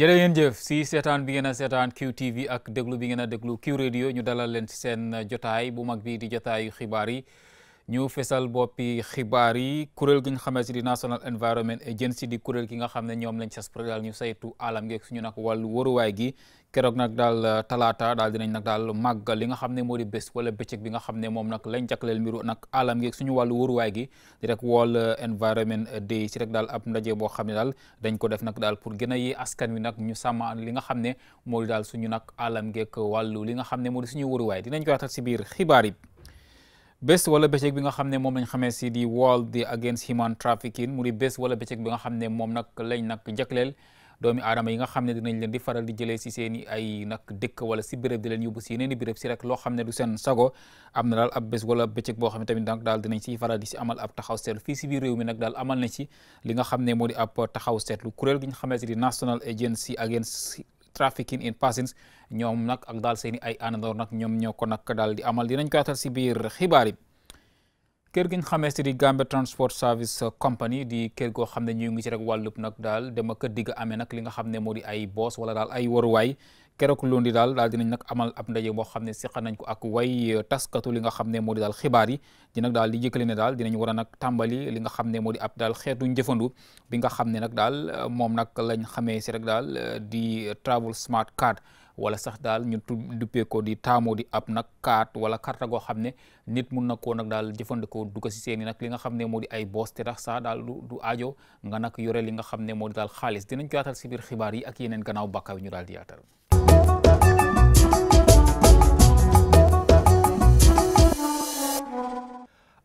jërë ngeen jëf si seetaan bi ngeen a seetaan QTV ak déglu bi ngeen a déglu Q radio ñu dalal leen seen jotaay bu mag bii di jotaayu xibaar yi ñu fesal boppi xibaar yi kuréel gi ñu xamee si di National Environment Agency di kuréel gi nga xam ne ñoom lañ sas pour daal ñu saytu alam gi suñu nag wàllu waruwaay gi keroog nag daal euh, talaata daal dinañ nag daal màggal li nga xam ne moo di bés wala bëccëg bi nga xam ne moom nag lañ jagleel mbiru nag alam suñu wàllu waruwaay gi di rek World Environment Day rek daal ab ndaje boo xam ne daal dañ ko def nag daal pour gën a askan wi nag ñu sàmma li nga xam ne moo daal suñu nag alam geek wàllu li nga xam ne moo suñu waruwaay dinañ ko waxtaan si biir xibaar yi bés wala bëccëg bi nga xam ne moom lañ xamee si di World Against Human Trafficking mu di bés wala bëccëg bi nga xam ne moom nag lañ nag jagleel doomi aadama yi nga xam ne dinañ leen di faral di jëlee si seen ay nag dëkk wala si béréb di leen yóbbu si yeneen i béréb si rek loo xam ne du seen sago am na daal bés wala bëccëg boo xam ne tamit donc daal dinañ si faral di si amal ab taxaw seetlu fii si biir réew mi nag daal amal na si li nga xam ne moo di ab taxaw seetlu kuréel gi nga xamee si di National Agency Against trafficking in persons ñoom nag ak daal seeni ay àndandoor nag ñoom ñoo ko nag daal di amal dinañ ko yaatal si biir xibaar yi kër gi ñu xamee si di Gambia Transport Service Company di kër goo xam ne ñu ngi ci rek wàllub nag daal dama kër digg amee nag li nga xam ne moo di ay boos wala daal ay waruwaay keroog lundi daal daal dinañ nag amal ab ndaje boo xam ne siq nañ ko ak way euh, taskatu li nga xam ne moo di daal xibaar yi di daal di jëkkale ne daal dinañ war a nag li nga xam ne moo di ab daal xeetu njëfandu bi nga xam ne nag daal euh, moom nag lañ xamee si rek daal euh, di travel smart card wala sax daal ñu duppee ko di taamu di ab nag carte wala carte goo xam ne nit mun na koo nag daal jëfandikoo du ko si seeni nag li nga xam ne moo ay boos te tax sax daal du aajo nga nag yore li nga xam ne moo di daal xaalis dinañ ko yaatal si xibaar yi ak yeneen gannaaw bàkka bi ñu di yaatal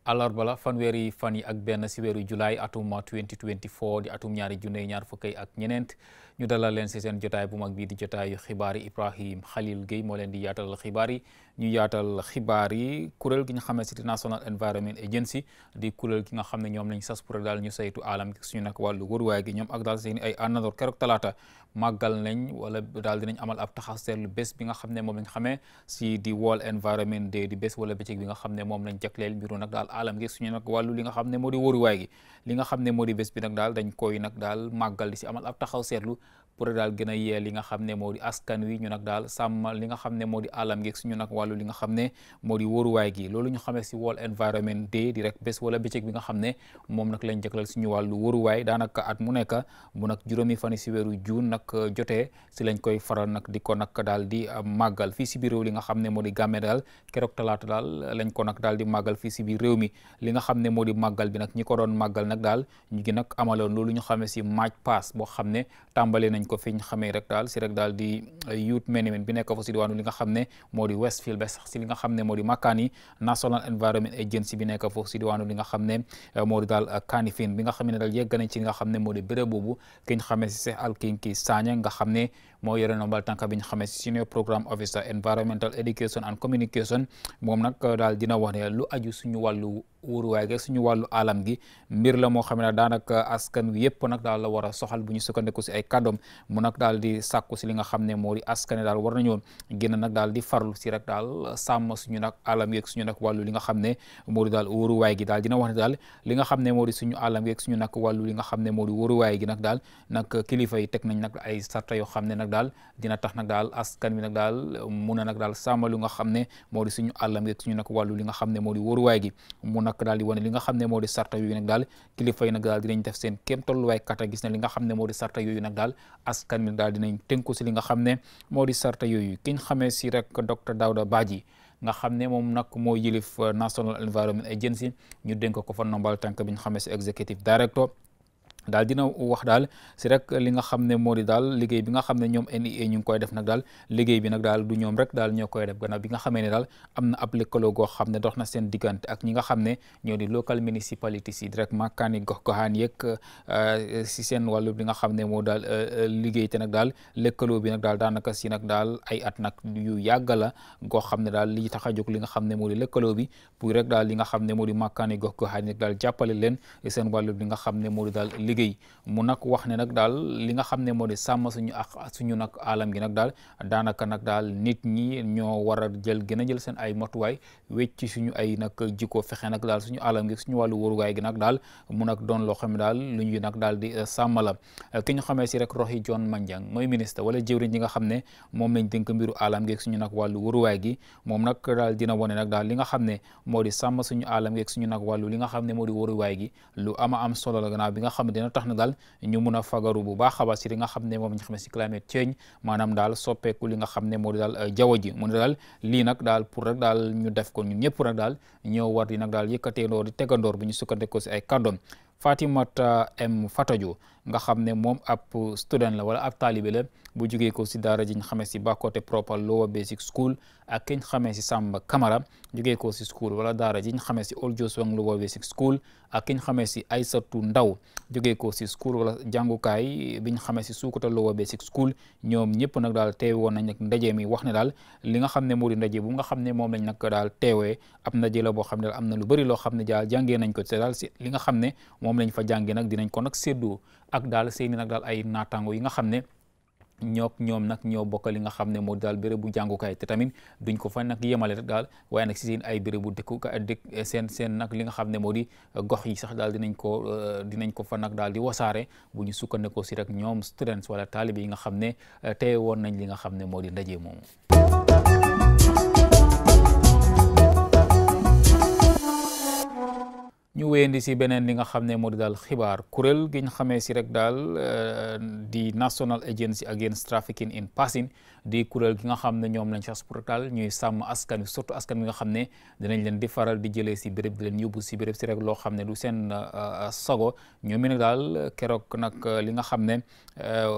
bala la fanweeri fan yi ak benn si weeru julaay atum 2024 di atum ñaari junne ñaar fukki ak ñeneent ñu dalal leen si seen jotaay bu mag bii di jotaayu xibaari Ibrahim Khalil Gueye moo leen di yaatalal xibaar yi ñu yaatal xibaar yi kuréel gi nga xam ne City National Environment Agency di kuréel gi nga xam ne ñoom lañ sas pour daal ñu saytu alam gi suñu nag wàllu wóoruwaay gi ñoom ak daal seen ay àndandoor talaata màggal nañ wala daal dinañ amal ab taxaw seetlu bés bi nga xam ne moom lañ xamee si di World Environment Day di bés wala bëccëg bi nga xam ne moom lañ jagleel mbiru nag daal alam gi suñu nag wàllu li nga xam ne moo di wóoruwaay gi li nga xam ne moo di bés bi nag daal dañ koy nag daal màggal di si amal ab taxaw seetlu pour daal gën yee li nga xam ne moo di askan wi ñu nag daal sàmm li nga xam ne moo di alam gi suñu nag wàllu li nga xam ne moo di wóoruwaay gi loolu ñu xamee si World Environment Day di rek bés wala bëccëg bi nga xam ne moom nag lañ jëkkal suñu wàllu wóoruwaay daanaka at mu nekk mu nag juróomi fani si weeru juun nag jotee si lañ koy faral nag di ko nag daal di uh, màggal fii si biir réew li nga xam ne moo di gàmme daal keroog talaata daal lañ ko nag daal di màggal fii si biir réew mi li nga xam ne moo di màggal bi nag ñi ko doon màggal nag daal ñu ngi nag amaloon loolu ñu xamee si March Pass boo xam ne tàmbale nañ ko fi ñu rek daal si rek daal di youth management bi nekk fa si diwaanu li nga xam ne moo Westfield ba si li nga xam ne moo Makani National Environment Agency bi nekk foofu si diwaanu li nga xam ne eh, moo di daal Kanifing bi nga xam ne daal yegg nañ ci nga xam ne moo di béréb boobu ki si Cheikh Al Kinki Sagne nga xam ne moo yore nombal tànk bi ñu xamee senior programme officer environmental education and communication moom nag daal dina wax lu aju suñu la moo xam a soxal bu ñu sukkandiku si ay kàddoom daal di sàkku si li nga xam ne moo di askan daal war nañoo génn nag daal di farlu si rek daal sàmm suñu nag alam li nga xam ne moo di daal wóoruwaay gi daal dina wax ne daal li nga xam ne moo daal nag kilifa yi teg ay sarta yoo daal dina tax nag daal askan wi nag daal mun na nag daal sàmm lu nga xam ne moo di suñu àllam rek suñu nag wàllu li nga xam ne moo di wóoruwaay gi mu nag daal di wane li nga xam ne moo sarta yooyu nag daal askan wi nag daal dinañ tënku si li nga xam ne moo sarta yooyu kiñ xamee si rek docteur Daouda Badji nga xam ne moom nag moo yilif National Environment Agency ñu dénk ko fa nombal tànk bi ñu si executive director daal dina wax daal si rek li nga xam ne moo di daal liggéey bi nga xam ne ñoom NIE ñu ngi koy def nag daal liggéey bi nag daal du ñoom rek daal ñoo koy def gannaaw bi nga xamee ne daal am na ab lëkkaloo goo xam ne dox na seen diggante ak ñi nga xam ne ñoo di local municipalities yi directement kaani gox goxaan yeeg euh, si seen wàllu li nga xam ne moo daal euh, liggéey te nag daal lëkkaloo bi nag daal daanaka si nag daal ay at nag yu yàgg la goo xam ne daal li tax a jóg li nga xam ne moo di lëkkaloo bi pour rek daal li nga xam ne moo di makkaani gox goxaan yi nag daal jàppale leen seen wàllu li nga xam ne moo di daal liggéey mu nag wax ne nag daal li nga xam ne moo di sàmm suñu ak suñu nag alam gi nag daal nag daal nit ñi ñoo war a gën a jël seen ay matuwaay wecc suñu ay nag jikko fexe nag daal suñu alam gi suñu wàllu wóoruwaay gi nag daal mu nag doon loo xam ne daal lu ñuy nag daal di sàmm la ki ñu si rek Rohey John Manjang mooy ministre wala jëwriñ ñi nga xam ne moom lañ dénk mbiru alam gi suñu nag wàllu wóoruwaay gi moom nag daal dina wane nag daal li nga xam ne moo di sàmm suñu alam gi suñu nag wàllu li nga xam ne moo di wóoruwaay gi lu ama am solo la gannaaw bi nga xam ne dina tax na daal ñu mun a fagaru bu baax a nga xam ne moom ñu xam ne si climate change maanaam daal soppeeku li a xam ne moo di daal euh, jaww ji mu ne daal lii daal pour rek daal ñu def ko ñu ñëpp nag daal ñoo war di nag daal yëkkateendoo di tegandoor bu ñu sukkandikoo si ay kàddoom Fatimata M Fatajo nga xam ne moom ab student la wala ab taalibe la bu jugee ko si daara jiñ ñu xamee si Bakoteh Proper Lower Basic School ak ki ñu xamee si Samba Kamara jugee ko si school wala daara jiñ ñu xamee si Old Joswang Lower Basic School ak ki ñu xamee si Aysatu Ndaw jugee ko si school wala jàngukaay bi ñu xamee si Sukuta Lower Basic School ñoom ñëpp nag daal teewe woon nañ nag ndaje mi wax ne daal li nga xam ne moo di ndaje bu nga xam ne moom lañ nag daal teewee ab ndaje la boo xam ne daal am na lu bëri loo xam ne daal jàngee nañ ko te si li nga xam ne moom lañ fa jàngee dinañ ko nag séddoo ak daal seeni nag daal ay naataango yi nga xam ne ñook ñoom nag ñoo bokk li nga xam ne moo daal bérébu jàngukaay te tamit duñ ko fa nag yemale rek daal waaye nag si seen ay bérébu dëkku dëkk seen seen nag li nga xam ne moo di gox yi sax daal dinañ ko euh, dinañ ko fa nag daal di wasaare bu ñu sukkandikoo si rek ñoom students wala taalibe yi nga xam ne euh, te woon nañ li nga xam ne moo di ndaje moomu ñu wéyandi si beneen li nga xam ne moo di daal xibaar kuréel gi ñu xamee si rek daal euh, di National Agency Against Trafficking in Person di kuréel gi nga xam ne ñoom lañ chasse brutale ñuy sàmm askan wi surtout askan wi nga xam ne dinañ leen di faral di jëlee si béréb leen yóbbu si béréb si rek loo xam ne du seen sago ñoom it nag daal keroog nag li nga xam ne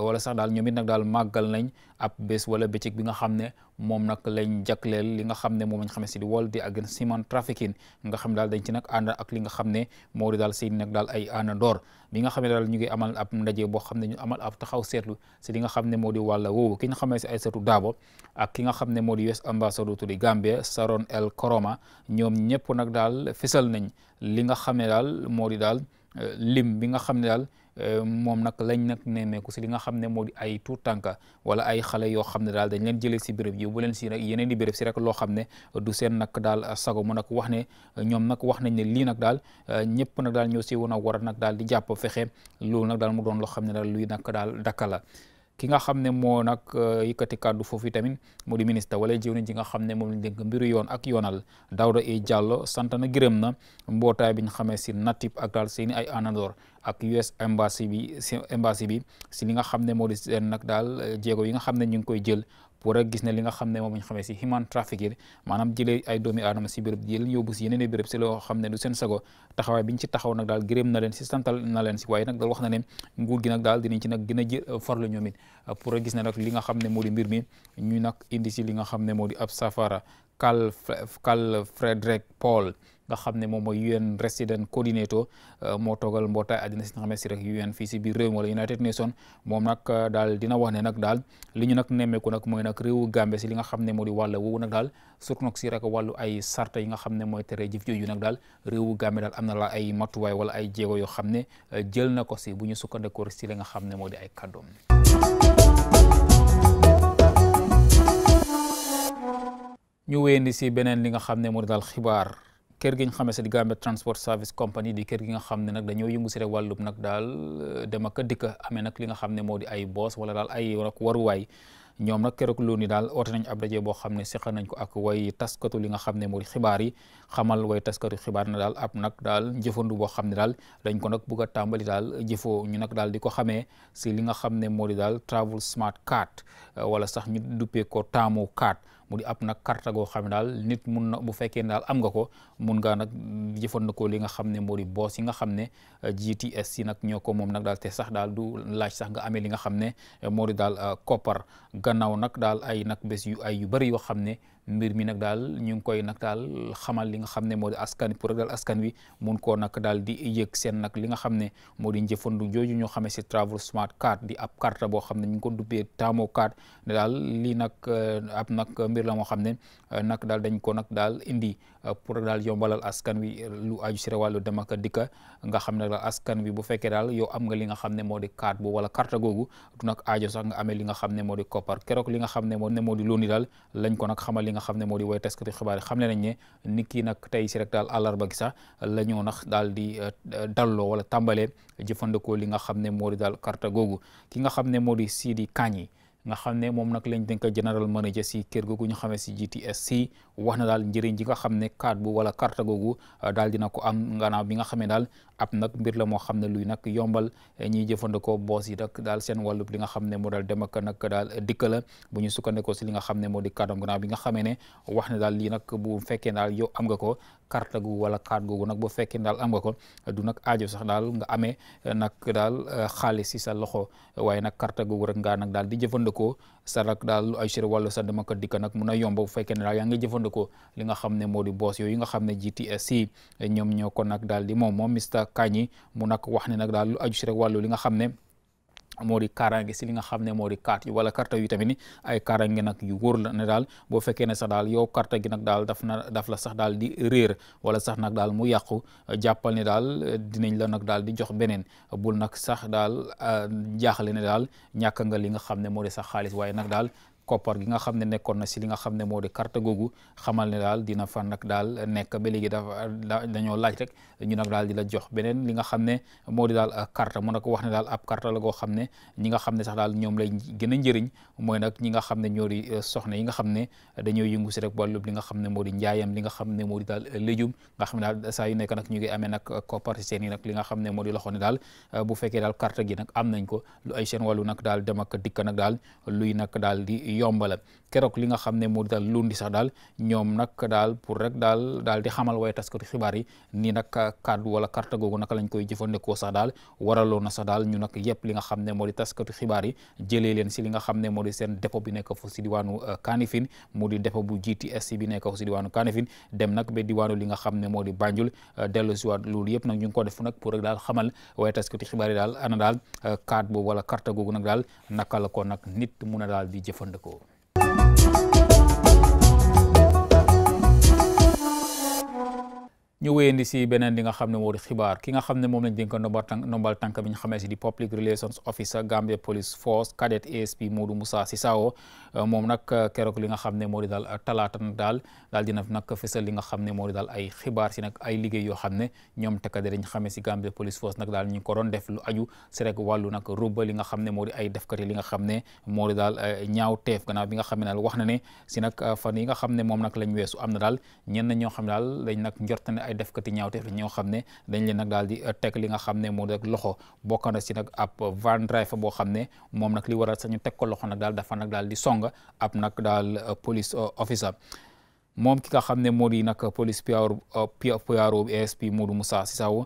wala sax daal ñoom it nag daal màggal nañ ab bés wala bëccëg bi nga xam ne moom nag lañ jagleel li nga xam ne moom lañ xamee si di World Day Against Human Trafficking nga xam daal dañ ci nag ànd ak li nga xam ne moo di daal seen nag daal ay àndandoor bi nga xam ne daal ñu ngi amal ab ndaje boo xam ne ñu amal ab taxaw seetlu si li nga xam ne moo di wàll woowu ki si ay Fatu Daabo ak ki nga xam ne moo di US ambassadeur to the Gambia Saron El Koroma ñoom ñëpp nag daal fesal nañ li nga xam ne daal moo di daal euh, lim bi nga xam ne daal euh, moom nag lañ nag nemmeeku si li nga xam ne moo di ay tuut tànka wala ay xale yoo xam ne daal dañ leen jëlee si béréb yi bu leen si rek yeneen di béréb si rek loo xam ne du seen nag daal sago mu nag wax ne ñoom nag wax nañ ne lii nag daal euh, ñëpp nag daal ñoo si woon a war a daal di jàpp fexe loolu nag ki nga xam ne moo nag euh, yëkkati kàddu foofu tamit moo di ministre wala jiw ji nga xam ne moom lañ dénk mbiru yoon ak yoonal Dawda E Jallow sant na gërëm na mbootaay bi ñu xamee si natib ak daal seen ay anandoor ak US embassy bi si embassy bi si li nga xam ne moo di seen nag daal euh, jéego yi nga xam ne ñu ngi koy jël pour a gis ne li nga xam ne moom lañ xamee si human trafficking maanaam jëlee ay doomi aadama si béréb yéen yóbbu si yeneen i ne du seen sago taxawaay biñ ci taxaw nag daal gërëm na leen si santal na leen si waaye nag daal wax na ne nguur gi nag daal dinañ ci nag gina a jë farlu ñoom it pour a gis ne nag li nga xam ne moo di mbir mi ñu nag indi si li nga xam ne moo di ab safara Carl Carl Frederick Paul nga xam ne moom mooy UN Resident Coordinator euh, moo toogal mbootaay àddina si nga xam ne UN fii si biir réew wala United Nations moom nag euh, daal dina wax ne daal li ñu nag nemmeeku nag mooy nag réewu Gambie si li nga xam ne moo di wàll woowu nag daal surtout nag si rek wàllu ay yi nga xam ne mooy tere jëf jooju nag daal réewu Gambie daal am na la ay matuwaay wala ay jéego yoo xam ne euh, jël na ko si bu ñu sukkandikoo si li nga xam ne moo di ay kàddoom ñu wéyandi si beneen li nga xam ne moo daal xibaar kër gi ñu xamee si di Gambia Transport Service Company di kër gi nga xam ne nag dañoo yëngu si rek wàllum nag daal euh, dem ak dikk amee nag li nga xam ne moo di ay boos wala daal ay waruwaay ñoom nag keroog loolu ni daal nañ ab daje boo xam ne seqal nañ ko ak way taskatu li nga xam ne moo di xibaar yi xamal way taskatu xibaar na daal nag daal jëfandu xam ne daal dañ ko nag bëgg tàmbali daal jëfoo ñu nag daal di ko xamee si li nga xam ne moo di daal travel smart card euh, wala sax ñu duppee ko taamu card mu di ab nag carte goo xam ne daal nit mun na bu fekkee ne daal am ga ko mun ngaa nag jëfandikoo li nga xam ne moo di boos yi nga xam ne euh, GTS yi nag ñoo ko moom nag daal te sax daal du laaj sax nga amee li nga xam ne moo di daal euh, koppar gannaaw nag daal ay nag bés yu ay yu bëri yoo xam ne mbir mi nag daal ñu ngi koy nag daal xamal li nga xam ne moo di askan pour daal askan wi mun ko nag daal di yëg seen nag li nga xam ne moo di njëfandu jooju ñoo xamee si travel smart card di ab carte boo xam ne ñu ngi ko dubbee taamo card ne daal lii nag euh, ab nag mbir la moo xam ne euh, nag daal dañ ko nag daal indi euh, pour daal yombalal askan wi lu aju si wàllu dem ak dikk nga xam ne daal askan wi bu fekkee daal yow am nga li nga xam ne moo di carte bu wala carte googu du nag aajo sax nga amee li xam ne moo di koppar keroog li xam ne moo ne moo di looni daal lañ ko nag xamal nga xam ne moo di way taskati xibaar yi xam ne nañ ne ni kii nag si rek daal àllarba gi sax nax daal di eh, dalloo wala tàmbalee jëfandikoo li nga xam ne moo di daal karta googu ki nga xam ne moo di Sidi Kany nga xam ne moom nag lañ dénk general manager si kër googu ñu xamee si GTSC wax na daal njëriñ ji nga xam ne carte bu wala carte googu eh, daal dina ko am nganaaw bi nga xamee daal ab nag mbir la moo xam ne luy nag yombal eh, ñiy jëfandikoo boos yi nag daal seen wàllub li nga xam ne moo daal dem ak nag daal dikka la bu ñu sukkandikoo si li nga xam ne moo di kàddoom gannaaw bi nga xamee ne wax ne daal lii nag bu fekkee daal yow am nga ko carte googu wala carte googu nag bu fekkee daal am nga ko du nag ajo sax daal nga amee nag daal eh, xaalis si sa loxo waaye nag carte googu rek ngaa nag daal di jëfandikoo sa rak daal ay shir wala sa dama ko dikka nag mun a yomb bu fekkee ne daal yaa ngi jëfandikoo li nga xam ne moo di boos yooyu nga xam ne GTS yi ñoom ñoo ko nag daal di moom moom Mr Kany mu nag wax ne nag daal lu aju si rek wàllu li nga xam ne moo di kaaraange si li nga xam ne moo di carte yi wala carte yu tamit ni ay kaaraange nag yu wóor la ne daal boo fekkee ne sax daal yow carte gi nag daal daf na la sax daal di réer wala sax nag daal mu yàqu jàppal ne daal dinañ la nag daal di jox beneen bul nag sax daal euh, jaaxle ne daal ñàkk nga li nga xam ne moo di sax xaalis waaye nag daal koppar gi nga xam ne nekkoon na si li nga xam ne moo carte googu xamal ne daal dina fa nag daal nekk ba léegi dafa dañoo laaj rek ñu nag daal di la jox beneen li nga xam ne moo di daal carte mu nag wax ne daal ab carte la goo xam ne ñi nga xam ne sax daal ñoom lay gën a mooy nag ñi nga xam ne ñoo di soxna yi nga xam ne dañoo yëngu si rek wàllub li nga xam ne moo di njaayam li nga xam ne moo di daal léjum nga xam ne daal saa yu nekk nak ñu ngi amee nag koppar si seen yi nag li nga xam ne moo di loxo ne daal bu fekkee daal carte gi nag am nañ ko lu ay seen wàllu nag daal dem a dikk nag daal luy nag daal di yombala keroog li nga xam ne moo di daal lundi sax daal ñoom nag daal pour rek daal daal di xamal waaye taskatu xibaar yi nii nag kaddu wala carte googu naka lañ koy jëfandikoo sax daal waraloon na sax daal ñu nag yëpp li nga xam ne moo di taskatu xibaar yi jëlee leen si li nga xam ne moo di seen dépôt bi nekk foofu si diwaanu euh, di dépôt bu GTS bi nekk foofu si diwaanu Kanifing dem nag ba diwaanu li nga xam ne moo di Banjul euh, dellu si waat nag ñu ngi ko def nag pour rek daal xamal waaye taskatu xibaar yi daal ana daal euh, carte boobu wala carte googu nag daal naka la ko nag nit mun a daal di jëfandikoo ñu wéyandi si beneen li nga xam ne moo di xibaar ki nga moom lañ dénk ndombal tànk ndombal tànk bi li nga xam ne moo di daal talaata daal daal dina nag fësal li nga xam ne moo di daal ay xibaar si ay liggéey yoo xam ne ñoom takkader ñu xamee si Gambia police daal ñu ko doon def lu li nga xam ne moo di ay defkati li nga xam ne moo di daal ñaaw bi nga xam ne daal wax na ne si yi nga xam ne moom nag lañ weesu am na daal ñenn ñoo xam ne daal lañ nag njort ay defkati ñaawteef la ñoo xam ne dañ leen nag daal di uh, teg li nga xam ne moo rek loxo bokk na si nag ab van drive boo xam ne moom nag li waral sax ñu teg ko loxo nag daal dafa nag daal di song ab nag daal uh, police uh, officer moom ki nga xam ne moo di nag police PRO PRO ASP Modou Moussa saw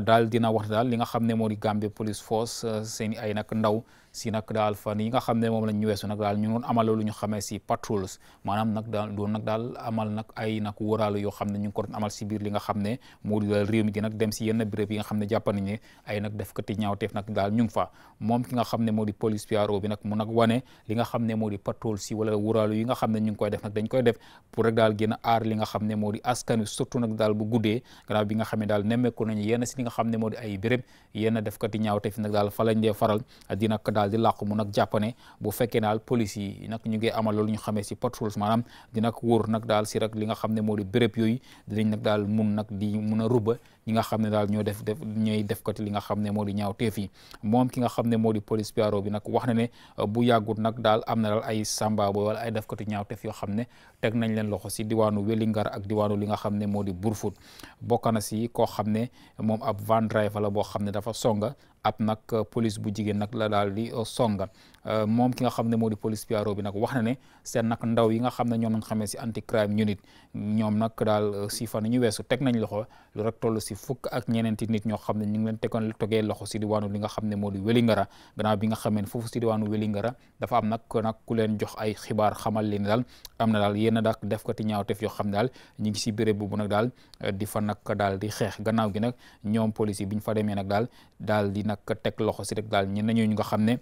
daal dina wax daal li nga xam ne moo di Gambia Police Force seen ay nak ndaw si nag daal fan yi nga xam ne moom la ñu weesu nag daal ñu doon amal lu ñu xamee si patrols maanaam nag daal amal nag ay nag wóoraalu yoo xam ne ñu ngi ko doon li nga xam ne moo di daal réew mi di yi nga xam ne jàpp nañu ne ay nag defkati ñaawteef nag fa moom ki nga xam ne moo di police PRO bi nag mu nag wane li nga xam ne moo di patrols yi wala wóoraalu yi nga xam ne ñu ngi koy def nag dañ koy def pour rek daal gën a aar li nga xam ne moo di askan wi surtout nag daal bu guddee gannaaw bi nga xam ne daal nemmeeku nañu yenn si li nga xam ne moo di ay béréb yenn defkati ñaawteef nag daal fa lañ dee faral di nag daal di làqu mu nag jàpp ne bu fekkee daal police nag ñu ngi amal ñu xamee si patrouille maanaam di nag wóor nag daal si rek li nga xam ne moo di béréb yooyu dinañ nag daal mun nag di mun a ruba ñi nga xam ne daal ñoo def def ñooy def kati nga xam ne moo di ñaaw teef moom ki nga xam ne moo di police piaro bi nag wax na ne euh, bu yàggut nag daal am na daal ay samba wala ay def kati ñaaw teef yoo xam ne teg nañ leen loxo si diwaanu Wellingar ak diwaanu li nga xam ne moo di Burfut bokk na si koo xam ne moom ab van driver la boo xam ne dafa songa ab nag euh, police bu jigéen nag la daal di euh, songa Euh, moom ki nga xam ne moo di police Piaro bi nag wax na ne seen nag ndaw yi nga xam ne ñoom lañ xamee si anti crime unit ñoom nag daal euh, si fan ñu weesu teg nañ loxo lu rek toll si fukk ak ñeneenti nit ñoo xam ne ñu ngi leen tegoon tegee loxo si diwaanu li nga xam ne moo di Wélingara gannaaw bi nga xamee foofu si diwaanu Wélingara dafa am nag nag ku leen jox ay xibaar xamal leen daal am na daal yéen a def ko ti ñaawteef yoo xam ne daal ñu ngi si béréb boobu nag daal euh, di fa nag daal di xeex gannaaw gi nag ñoom police yi bi ñu fa demee nag daal daal di nag teg loxo si rek daal ñenn ñooñu nga xam ne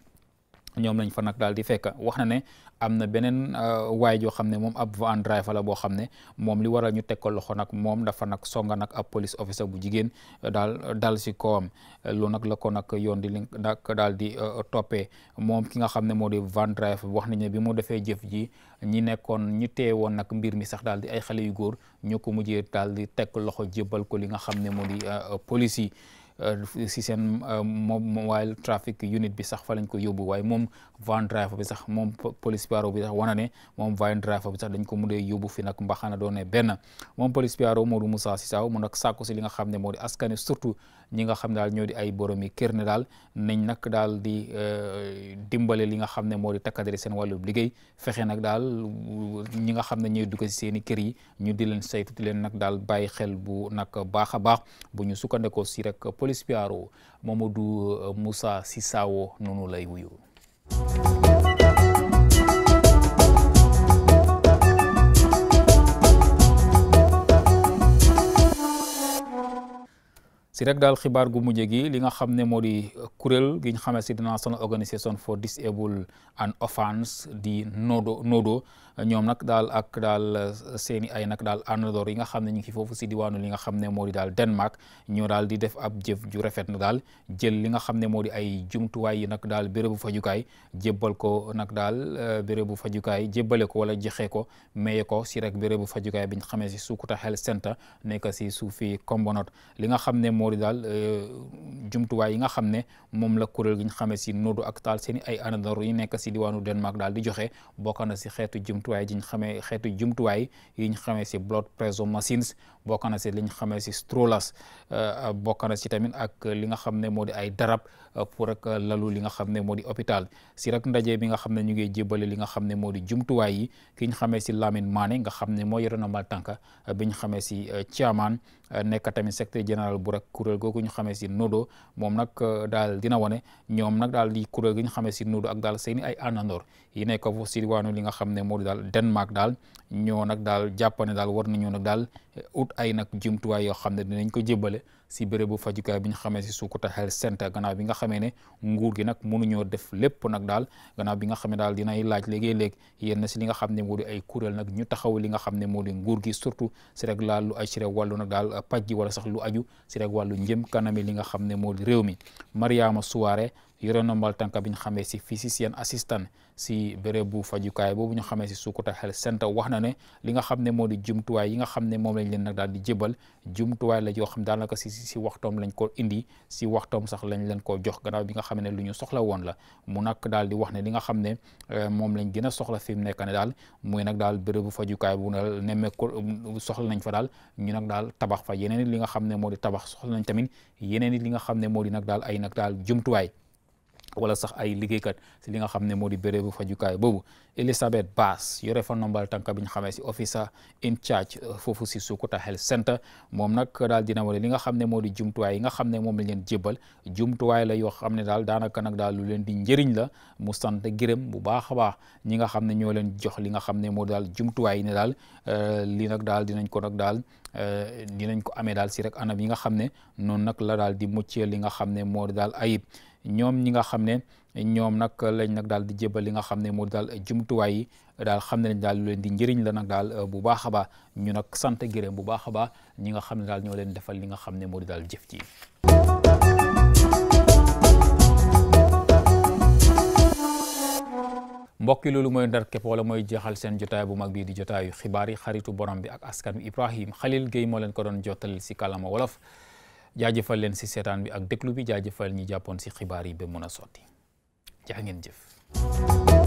ñoom lañ fa nag daal di fekk wax na ne am na beneen euh, waay joo xam ne moom ab van driver la boo xam ne moom li waral ñu teg ko loxo nag moom dafa nag songa nag ab police officer bu jigéen euh, daal dal si kawam euh, loolu nag la ko nag yoon di li nag daal di toppee moom ki nga xam ne moo di van driver wax nañ ne bi mu defee jëf ji ñi nekkoon ñi teewoon nag mbir mi sax daal di ay xale yu góor ñu ko mujjee daal di tek loxo jébbal ko li nga xam ne moo di police yi Euh, si seen euh, mobile traffic unit bi sax fa lañ ko yóbbu waaye moom van driver bi sax moom police piaro bi sax wana ne moom van driver bi sax dañ ko mu dee yóbbu fi nag mbaxana doon ne benn moom police piaro Modou Moussa Sissaw mu nag sàkku si li nga xam ne moo di askane surtout ñi nga xam daal ñoo di ay borom yi kër ne daal nañ nag daal di euh, dimbale li nga xam ne moo di takkadari seen wàllub liggéey fexe nag daal ñi nga xam ne ñooy dugg si seen i kër yi ñu di leen saytu di leen nag daal bàyyi xel bu nag baax a baax bu ñu sukkandekoo si rek police Piaro Mamadou euh, Moussa Sissawo si rek daal xibaar gu mujj gi li nga xam ne moo di kuréel gi ñu xamee si National Organisation for Disabled and Orphans di nodo nodo ñoom nag daal ak daal eh, seen ay nag daal àndandoor yi nga xam ne ñu ngi foofu si diwaanu li nga xam ne moo di daal Denmark ñoo daal di def ab jëf ju rafet na daal jël li nga xam ne moo di ay jumtuwaay yi nag daal bérébu jébbal ko nag daal eh, bérébu fajukaay jébbale ko wala joxe ko maye ko si rek bérébu fajukaay bi ñu xamee si Sukuta Health Centre nekk si suufi Kombonot li nga xam ne moo di daal eh, jumtuwaay yi nga xam ne moom la kuréel gi ñu xamee si Nodo ak taal seen i ay àndandoor yi nekk si diwaanu Denmark daal di joxe bokk na si xeetu jumtu waaye ji ñu xamee xeetu jumtuwaay yi ñu xamee si blood pressure machines bokk na si li ñu xamee si strollers euh, bokk na si tamit ak li nga xam ne moo di ay darab euh, pour rek lalu li nga xam ne moo di hôpital si rek ndaje bi nga xam ne ñu ngi jébale li nga xam ne moo di jumtuwaay yi ki ñu xamee si Lamine Mané nga xam ne moo yore na mal tànk euh, bi ñu xamee si Thiamane nekk tamit secrétaire général bu rek kuréel googu ñu xamee si nodo moom nag euh, daal dina wane ñoom nag daal di kuréel gi ñu xamee si nodo ak daal seeni ay àndandoor yi nekk foofu si waanu li nga xam ne moo di daal Denmark daal ñoo nag daal jàpp ne daal war nañoo nag daal euh, ut ay nag jumtuwaay yoo xam ne dinañ ko jébbale si bérébu fajukaay bi ñu xamee si Sukuta Health Centre gannaaw bi nga xamee ne nguur gi nag mënuñoo def lépp nag daal gannaaw bi nga xam ne daal dinay laaj léegi-léeg yenn si li nga xam ne moo ay kuréel nag ñu taxaw li nga xam ne moo di nguur gi surtout si rek laal lu ay si rek wàllu nag daal paj gi wala sax lu aju si rek wàllu njëm kanami li nga xam ne moo di réew mi Mariama Souare yore ndombal tànk bi ñu xamee si physician assistant si bérébu fajukaay boobu ñu xamee si Sukuta Health Centre wax na ne li nga xam ne moo di jumtuwaay yi nga xam ne moom lañ leen nag daal di jébal jumtuwaay la yoo xam daanaka si si waxtoom lañ ko indi si waxtoom sax lañ leen ko jox gannaaw bi nga xam ne lu ñu soxla woon la mu nag daal di wax ne li nga xam ne euh, moom lañ gën a soxla fi mu nekk ne daal muy nag daal bérébu fajukaay bu daal nemmeeku soxla nañ fa daal ñu nag daal tabax fa yeneen li nga xam ne moo di tabax soxla nañ tamit yeneen li nga xam ne moo di nag daal ay nag daal jumtuwaay wala sax ay liggéeykat si li nga xam ne moo di bérébu fajukaay boobu Elizabeth Bass yore fa nombal tànka bi ñu xamee si officer in charge euh, foofu si Sukuta Health Centre moom nag daal dina wala li nga xam ne moo di jumtuwaay yi nga xam ne moom la leen jébbal jumtuwaay la yoo xam ne daal daanaka nag daal lu leen di njëriñ la mu sant gërëm bu baax a baax ñi nga xam ne ñoo leen jox li nga xam ne moo daal jumtuwaay yi ne daal euh, li nag daal dinañ ko nag daal euh, dinañ ko amee daal si rek anam yi nga xam ne noonu nag la daal di muccee li nga xam ne moo daal ayib ñoom ñi nga xam ne ñoom nag lañ nag daal di jébal li nga xam ne moo daal jumtuwaay yi daal xam ne nañ daal lu leen di njëriñ la nag daal euh, bu baax a baax ñu nag sant gërëm bu baax a baax ñi nga xam ne daal ñoo leen defal li nga xam ne moo di daal jëf ji. mbokk yi loolu mooy ndar képp wala mooy jeexal seen jotaay bu mag bii di jotaayu xibaar yi xaritu borom bi ak askan wi Ibrahim Khalil Gueye moo leen ko doon jottal si kàllaama wolof. jaajëfal leen si seetaan bi ak déglu bi jaajëfal ñi jàppoon si xibaar yi ba mun a sotti jaa ngeen jëf